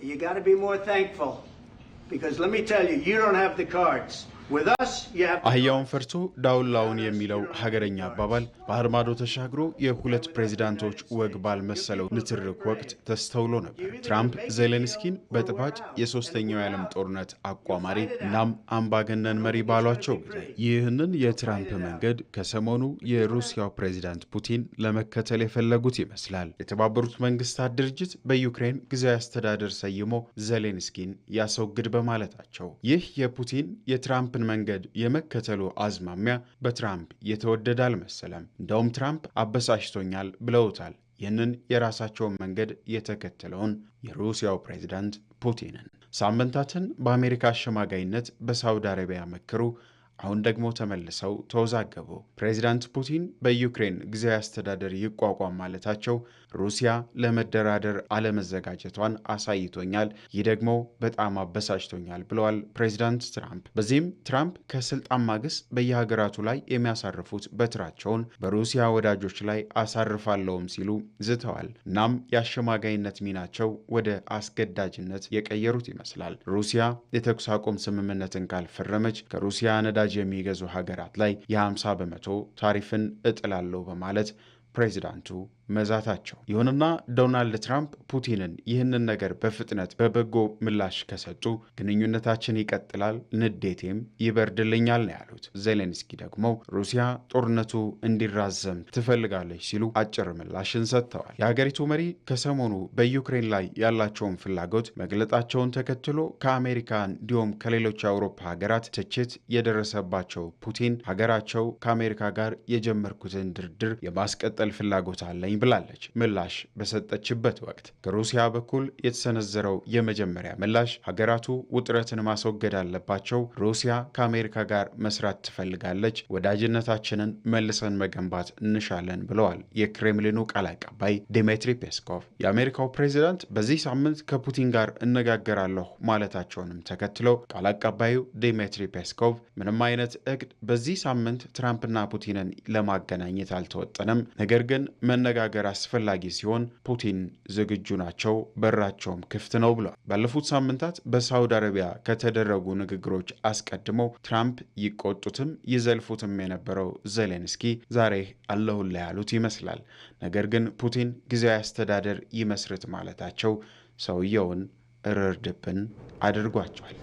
you got to be more thankful because let me tell you, you don't have the cards. አህያውን ፈርቶ ዳውላውን የሚለው ሀገረኛ አባባል በአርማዶ ተሻግሮ የሁለት ፕሬዚዳንቶች ወግ ባልመሰለው ንትርክ ወቅት ተስተውሎ ነበር። ትራምፕ ዜሌንስኪን በጥፋጭ የሶስተኛው የዓለም ጦርነት አቋማሪ እናም አምባገነን መሪ ባሏቸው ጊዜ ይህንን የትራምፕ መንገድ ከሰሞኑ የሩሲያው ፕሬዚዳንት ፑቲን ለመከተል የፈለጉት ይመስላል። የተባበሩት መንግስታት ድርጅት በዩክሬን ጊዜያዊ አስተዳደር ሰይሞ ዜሌንስኪን ያስወግድ በማለታቸው ይህ የፑቲን የትራምፕ የትራምፕን መንገድ የመከተሉ አዝማሚያ በትራምፕ የተወደደ አልመሰለም። እንደውም ትራምፕ አበሳሽቶኛል ብለውታል። ይህንን የራሳቸውን መንገድ የተከተለውን የሩሲያው ፕሬዚዳንት ፑቲንን ሳምንታትን በአሜሪካ አሸማጋይነት በሳውዲ አረቢያ መክሩ አሁን ደግሞ ተመልሰው ተወዛገቡ። ፕሬዚዳንት ፑቲን በዩክሬን ጊዜያዊ አስተዳደር ይቋቋም ማለታቸው ሩሲያ ለመደራደር አለመዘጋጀቷን አሳይቶኛል፣ ይህ ደግሞ በጣም አበሳጭቶኛል ብለዋል ፕሬዚዳንት ትራምፕ። በዚህም ትራምፕ ከስልጣን ማግስት በየሀገራቱ ላይ የሚያሳርፉት በትራቸውን በሩሲያ ወዳጆች ላይ አሳርፋለሁም ሲሉ ዝተዋል። እናም የአሸማጋይነት ሚናቸው ወደ አስገዳጅነት የቀየሩት ይመስላል። ሩሲያ የተኩስ አቁም ስምምነትን ካልፈረመች ከሩሲያ ነዳ ነዳጅ የሚገዙ ሀገራት ላይ የ50 በመቶ ታሪፍን እጥላለሁ በማለት ፕሬዚዳንቱ መዛታቸው። ይሁንና ዶናልድ ትራምፕ ፑቲንን ይህንን ነገር በፍጥነት በበጎ ምላሽ ከሰጡ ግንኙነታችን ይቀጥላል፣ ንዴቴም ይበርድልኛል ነው ያሉት። ዜሌንስኪ ደግሞ ሩሲያ ጦርነቱ እንዲራዘም ትፈልጋለች ሲሉ አጭር ምላሽን ሰጥተዋል። የሀገሪቱ መሪ ከሰሞኑ በዩክሬን ላይ ያላቸውን ፍላጎት መግለጣቸውን ተከትሎ ከአሜሪካ እንዲሁም ከሌሎች የአውሮፓ ሀገራት ትችት የደረሰባቸው ፑቲን ሀገራቸው ከአሜሪካ ጋር የጀመርኩትን ድርድር የማስቀጠል ፍላጎት አለኝ ብላለች። ምላሽ በሰጠችበት ወቅት ከሩሲያ በኩል የተሰነዘረው የመጀመሪያ ምላሽ ሀገራቱ ውጥረትን ማስወገድ አለባቸው፣ ሩሲያ ከአሜሪካ ጋር መስራት ትፈልጋለች፣ ወዳጅነታችንን መልሰን መገንባት እንሻለን ብለዋል የክሬምሊኑ ቃል አቀባይ ዲሜትሪ ፔስኮቭ። የአሜሪካው ፕሬዚዳንት በዚህ ሳምንት ከፑቲን ጋር እነጋገራለሁ ማለታቸውንም ተከትለው ቃል አቀባዩ ዲሜትሪ ፔስኮቭ ምንም አይነት እቅድ በዚህ ሳምንት ትራምፕና ፑቲንን ለማገናኘት አልተወጠነም፣ ነገር ግን መነጋ ሀገር አስፈላጊ ሲሆን ፑቲን ዝግጁ ናቸው፣ በራቸውም ክፍት ነው ብሏል። ባለፉት ሳምንታት በሳውዲ አረቢያ ከተደረጉ ንግግሮች አስቀድመው ትራምፕ ይቆጡትም ይዘልፉትም የነበረው ዜሌንስኪ ዛሬ አለሁላ ያሉት ይመስላል። ነገር ግን ፑቲን ጊዜያዊ አስተዳደር ይመስርት ማለታቸው ሰውየውን እርርድብን አድርጓቸዋል።